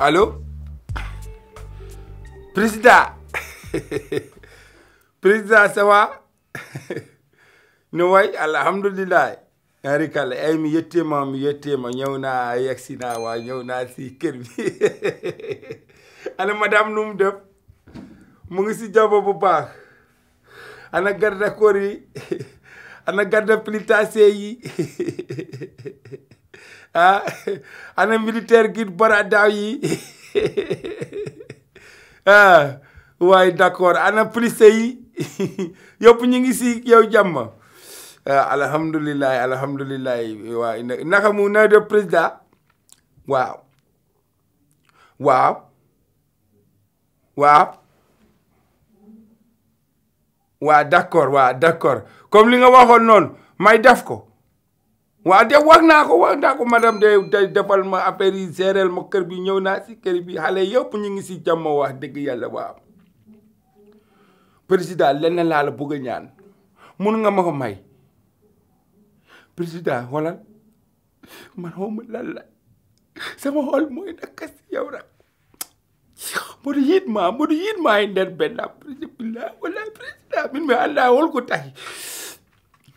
alo président président ça va no way alhamdulillahi hari kala eyi mi yettima mi na ñawna yaksina wa ñawna si kër bi ana madame num def mu ngi si jabo bu baax ana garda kor ana garda plitacé yi ah ana militaire gi bara daaw yi ah waaye d'accord ana police yi yëpp ñu ngi si yow jàmm alhamdulilah alhamdulilah waaye naka mu na de président waaw waaw waaw waaw d'accord waaw d'accord comme li nga waxoon noonu may def ko waa de wax naa ko wax naa ko madame de defal ma affaire yi géréel ma kër bi ñëw naa si kër bi xale yëpp ñu ngi si jàmm wax dëgg yàlla waaw président lenn laa la bëgg a ñaan mun ma ko may président xoolal man xawma lan sama xol mooy naka si yow rek mboolu yiit maa mboolu yiit maa yi nder benn président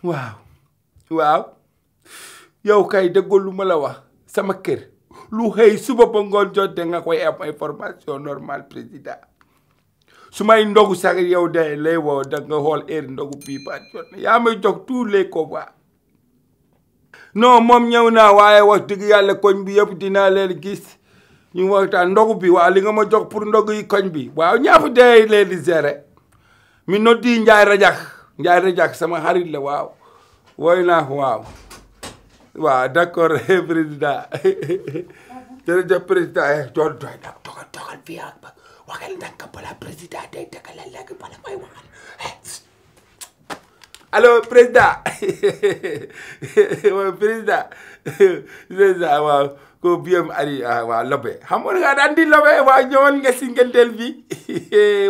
waaw waaw yow kay déggoo lu ma la wax sama kër lu xëy suba ba ngoon jot da nga koy am information normale président su may ndogu sax yow day lay woo da nga xool heure ndogu bii ba jot na yaa may jox tous les combats moom ñëw naa waaye wax dëgg yàlla koñ bi yëpp dinaa leen gis ñu waxtaan ndogu bi waa li nga ma jox pour ndog yi koñ bi waaw ñaaf day leen di gérer mi noddi njaay rajax njaay rajax sama xarit la waaw wooy naa waaw waaw d'accord président jërëjëf président eh, doon doy na dogal dogal fii ak ba waxal ndànk bala nga daan di lobe waaw ñëwoon nga si ngenteel bi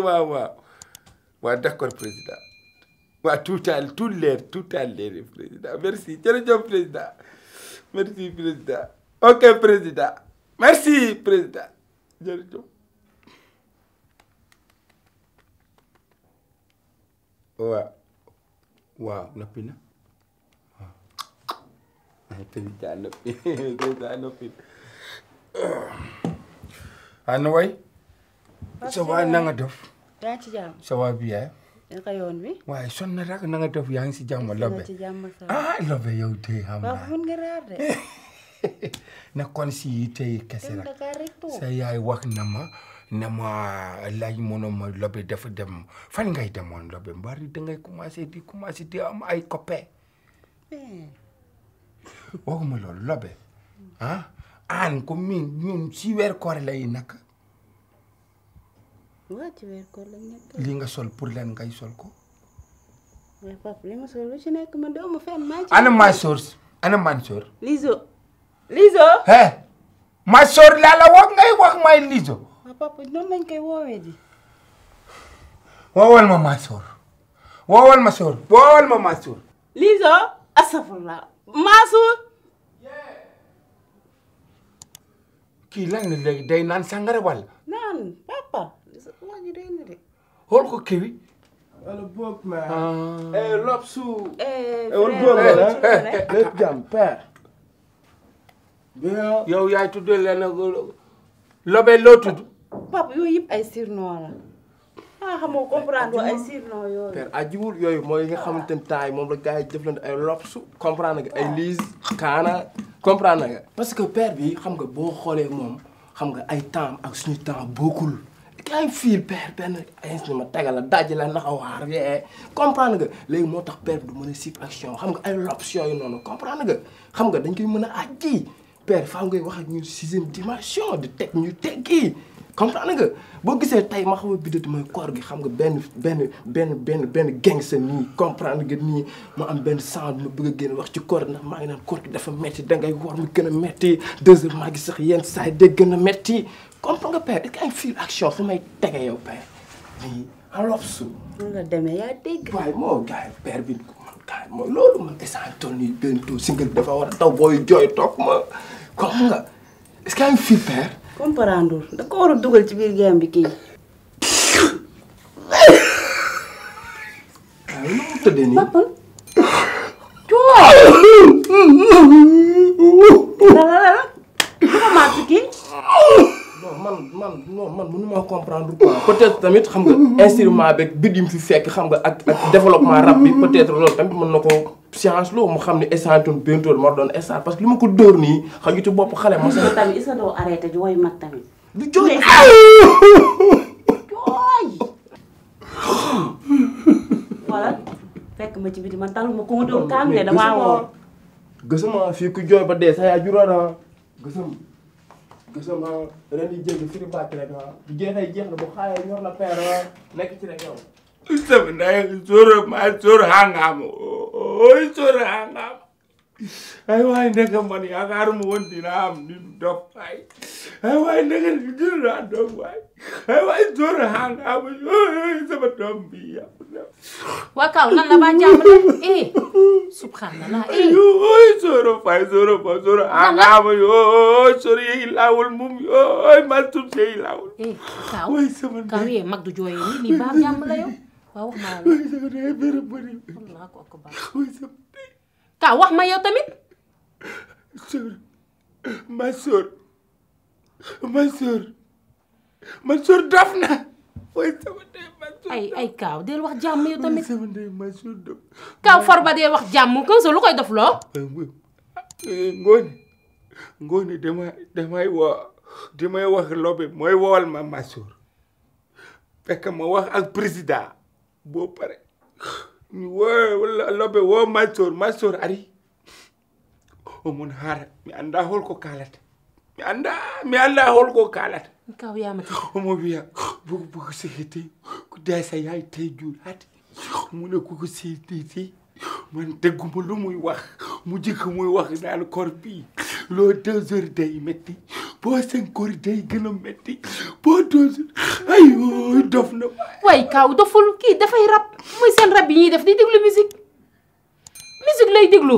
waaw waaw waaw d'accord président waaw tout à tout l'heure tout à l'heure président merci merci président ok président merci président jërëjëf waaw waaw noppi na ah, président noppi président sa ah, waa na nga sa waa bi naka yoon waaye sonn na rek na nga def yaa ngi si jàmm Lobé. ah Lobé yow tey xam naa. waaw mun nga raar de. nekkoon si tey kese la sa yaay wax na ma ne ma laaj mënoo ma Lobé dafa dem fan ngay demoon Lobé mbari da ngay commencé di commencé di am ay copain. waxuma loolu Lobé ah ko min ñun si weer koor lay nag. waaw ci lii nga sol pour leen ngay sol ko. mais papa li ma sol lu ci nekk man doomu fenn maa ci. ana Mansour ana Mansour. Lizo Lizo. eh laa la wax ngay wax may Lizo. waaw papa noonu lañ koy woowee di. woowal ma Mansour woowal ma Mansour woowal ma Mansour. lan la day naan sangara walla. holko kewi aɗa bogma eyi lobsu won boga leb jam père yow yaay tudde lena loo tudd papa yo yip ay sirnoo la ah xamoo yooyu père ajiwul yooyu mooy nga xamante ne temps yi moom la gars yi jëflante ay lobsu comprendre nga ay lise kaana comprendre nga parce que per bi xam nga boo xoolee moom xam nga ay temps ak suñu temps bokkul ay fiil père benn instru ma tegal la daj la naka waar yee comprendre nga léegi moo tax père du mën a sip action xam nga ay l'option yu noonu comprendre nga xam nga dañ koy mën a ajji père faaw ngay wax ak ñun sixième dimension di teg ñu teggi comprendre nga boo gisee tay ma xaw a biddati mooy koor gi xam nga benn benn benn benn benn geng sa nii comprendre nga nii ma am benn sang ma bëgg a génn wax ci koor ndax maa ngi naan koor gi dafa metti dangay war mu gën a metti deux heures maa sax yenn saa yi gën a metti comprends nga père est-ce que ay fil action fu may tege yow père lii en su. mun nga yaa dégg. moo gars yi père bi man gars yi loolu man instant toll nii bento single dafa war a taw booy jooy toog ma comprends nga est-ce que ay fil père. comprendre da ko war a dugal ci biir bi kii. waaw lu mu tëddee nii. papa. waaw. dara du ko màcc kii. non man man man mënuma comprendre quoi peut tamit xam nga instrument beeg bit yi mu fi fekk xam nga ak ak développement rap bi peut loolu tamit mën na ko science loo mu xam ne estanton bentool ma doon estan parce que li ma ko dóor nii xaju ci bopp ma sa tamit est ci biti man taluma ko ma doon kaam fii ku jooy ba dee sa yaa juróora gisuma ren di jéggi firi bàcc rek ah bu jeexee na bu xaayee ñor la peer nekk ci rek yow. sëb ndax sóor ma sóor xàngaama ooy sóor xàngaama ay waay ndeke man yaakaaruma woon dinaa di dof waay ay waay ndeke dinaa dof waay ay waay sóor xàngaama sama doom bi waa kaw lan la baa jàmm de eh subhanallah eh. yooy soro fay soro fa soro alaama yooy soro yey laawul mum yooy maltum yey laawul. eh kaw kaw yee mag du jooyee eh, nii lii baa jàmm la yow waaw wax ma la wax ma yow tamit. sor ma sor ma sor ma sor daf na. mooy sama ndey Mansour ay ay Kaaw del wax jàmm yow tamit. mooy sama ndey Mansour Diop. Kaaw Farba dee wax jàmm Kanso loo. ngoone eh, ngoone damay damay woo lobe mooy wool ma Mansour fekk ma wax ak président boo pare ñu woo lobe woo Mansour Mansour ari omon hara mi annda holko kalata mi annda mi annda holko kalata kaw yamata omo wiya bu bu ko seetee ku dee sa yaay tey juraat mu ne ku ko seetee man dégguma lu muy wax mu jëkk muy wax daal koor bii loo deux heures day boo cinq heures day gën a métti boo deux heures dof na waay kaaw doful kii dafay rab muy seen rab def di déglu musique musique lay déglu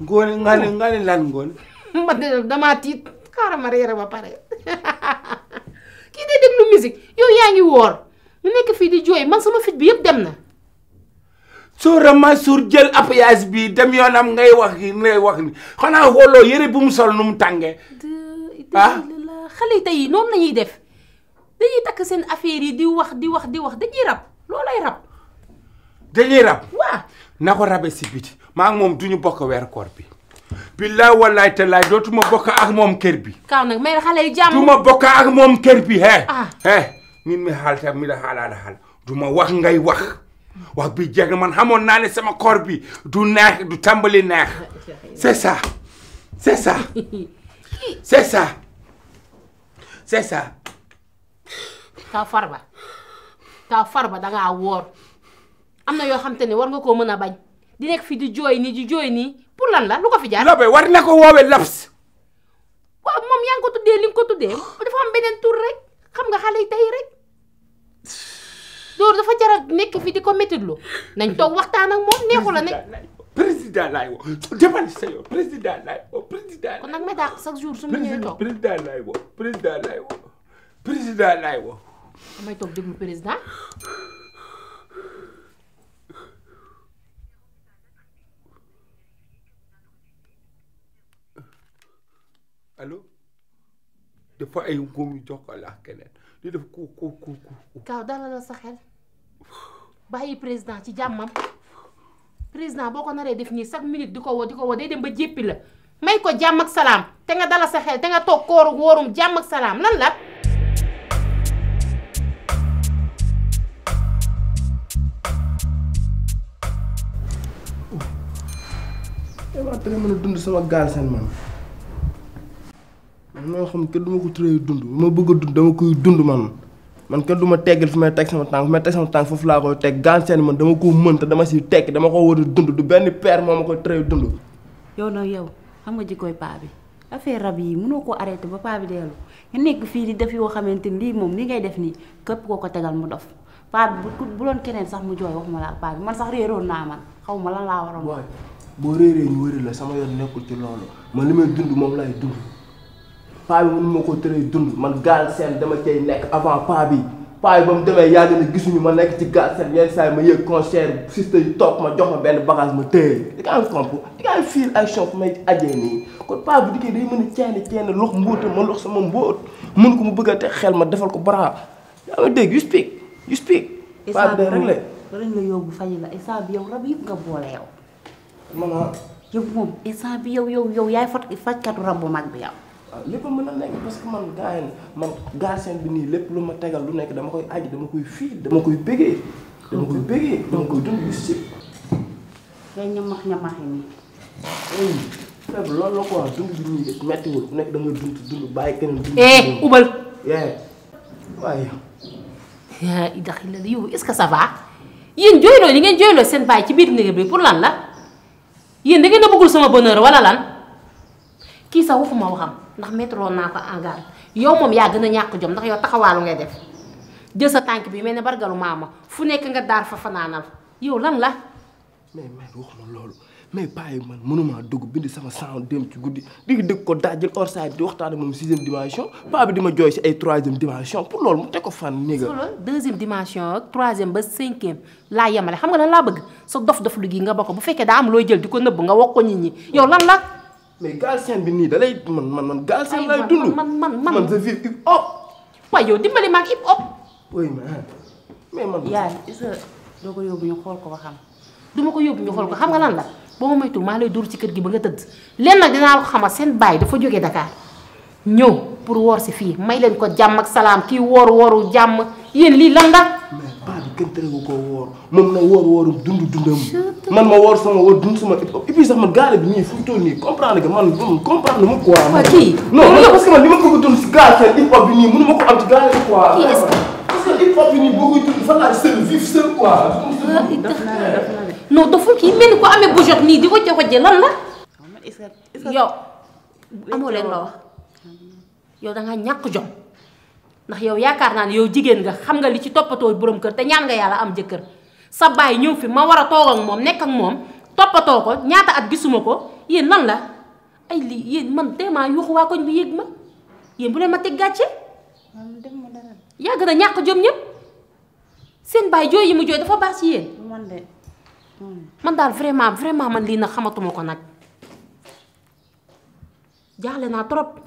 ngoone nga ne oh. lan ngoone ma tiit xaaral ma reere ba pare kii day déglu musique yow yaa ngi woor mu nekk fii di jooy man sama fit bi yëpp dem na. Soora Mansour jël appuyage bi dem yoonam ngay wax ngay wax ni xanaa xooloo yëre bu mu sol nu mu tàngee. ah xale yi tey noonu la ñuy def dañuy takk seen affaire yi di wax di wax di wax dañuy rab loolay rab. dañuy rab. waaw na ko rabe si biti maa ngi moom duñu bokk weer koor bi. billaay wallaay te laay dootuma bokk ak moom kër bi. kaw nag mais xale bokk ak moom kër bi he. Ah. he min mi xaal ta mi la xaalaala xaal du ma wax ngay wax wax bi jeex man xamoon naa ne sama koor bi du neex du tàmbali neex c'est ça c'est ça c'est ba c'est ça. kaw Farba kaw Farba da am na yoo xam te ne war nga koo mën a bañ di nekk fii di jooy nii di jooy nii. pour lan la lu ko fi jaar. Laobé war na ko woowee Laps. waaw moom yaa ngi ko tuddee li nga ko tuddee dafa am beneen tur rek xam nga xale yi tey rek. Dóor dafa jar a nekk fi di ko méttitlu nañ toog waxtaan ak moom neexu la ne. président laay woo sa yoon président laay woo président. kon nag su ma ñëwee toog président laay woo président président. allo dafa ay góom yu jox ko laax keneen li def ku ku ku ku kaw dara sa xel bàyyi président ci jàmmam président boo ko naree def nii sat minute di ko woo di ko woo day dem ba jéppi la may ko jàmm ak salaam te nga dala sa xel te nga toog kooru wóorum jàmm ak salaam lan la te waxta nga mën a dund sama gaal seen man loo xam kenn duma ko tëree dund ma bëgg a dund dama koy dund man man kenn du ma teggal fi may teg sama tànk fi may teg sama tànk foofu laa koy teg Gan Sène man dama ko mën te dama si tekk dama ko war a dund du benn père moo ma ko tëree dund yow nag yow xam nga jikkooy paa bi affaire rab yi mënoo ko arrêté ba paa bi dellu nga nekk fii di def yoo xamante ni lii moom li ngay def nii képp koo ko tegal mu dof paa bi bu doon keneen sax mu jooy waxuma la ak paa sax réeroon naa man xaw ma lan laa waroon boo réeree ñu wëri la sama yoon nekkul ci loolu man li may dund moom laay dund paa bi mënu ma ko tëree dund man gaal seen dama cay nekk avant paa bi paa bi ba mu demee yàgg na gisuñu ma nekk ci gaal seen yenn saa yi ma yëg concert siste yu toog ma jox ma benn bagage ma téye di nga am comp di nga am fiir kon paa bu dikkee day mën a ceeni ceeni lox mbóota ma lox sama mbóot mën ko mu bëgg a teg xel ma defal ko bras yaa ma dégg you speak you speak paa bi day réglé lañ la yóbbu fay la instant bi yow rab yëpp nga boole yow man bi yow yow yow yaay fat fajkatu rab bu mag bi yow waaw ah, lépp mën a nekk parce que man gars man garçon bi nii lépp lu ma tegal lu nekk dama koy aaj dama koy fii dama koy bëggee. dama koy bëggee dama koy dund yu si. ngay ñamax ñamax yi nii. feeb loolu la quoi dund bi nii méttiwul ku nekk da ngay dund dund bàyyi keneen dund. eh ubal. waaye. yaa ndax la yow est-ce que ça va yéen jooyloo li ngeen jooyloo seen bàyyi ci biir néeg bi pour lan la yéen da ngeen a bëggul sama bonheur wala lan kii sax waxuma waxam. ndax mettroon naa ko en yow moom yaa gën a ñàkk jom ndax yow taxawaalu ngay def jël sa tànk bi mel ne bargalu maama fu nekk nga daar fa fanaanal yow lan la. mais mais waxuma loolu mais bàyyi man mënuma dugg bind sama sang dem ci guddi di dëgg ko daajul hors saa waxtaan moom sixième dimension paa bi di ma jooy si ay troisième dimension pour loolu mu teg ko fan nii nga. deuxième dimension ak troisième ba cinquième laa yemale xam nga lan laa bëgg sa dof-dof lu gi nga ba bu fekkee daa am looy jël di ko nëbb nga wax ko nit ñi yow lan la. mais Galsen bi nii da lay man man man Galsen lay dund man man man man je vis hip hop. waaye yow dimbali ma ak hip hop. oui mais man. doo ko yóbbu ñu xool ko ba du ma ko yóbbu ñu xam nga lan la boo ma moytuwul maa lay dóor ci kër gi ba nga tëdd lenn nag dinaa xam a seen baay dafa jógee dakaar ñëw pour woor si fii may leen ko jàmm ak salaam kii woor wooru jàmm yéen lii lan la. kenn tërewu koo woor moom na woor wooru dund dundam man ma woor sama woor dund sama et sax man gaale bi nii fu mu nii comprendre man ma quoi non parce que man li ma bëgg a dund si gaal seen bi ko am ci gaale bi quoi parce que hip hop bi nii boo koy dund fan laa seul vif seul quoi ah, non daful kii mel amee bu jot nii di ko joxoje lan yow amoo leen la wax yow da nga ñàkk jom ndax yow yaakaar naa ne yow jigéen nga xam nga li ci toppatoo borom kër te ñaan nga yàlla am jëkkër sa baay ñëw fi ma war a toog ak moom nekk ak moom toppatoo ko ñaata at gisuma ko yéen lan la ay lii yéen man téemaa yuuxu waa koñ bi yéeg ma yéen bu leen ma teg gàcce yàgg na ñàkk jom ñëpp seen baay jooy yi mu jooy dafa baax ci yéen man daal vraiment vraiment man lii nag xamatuma ko nag jaaxle naa trop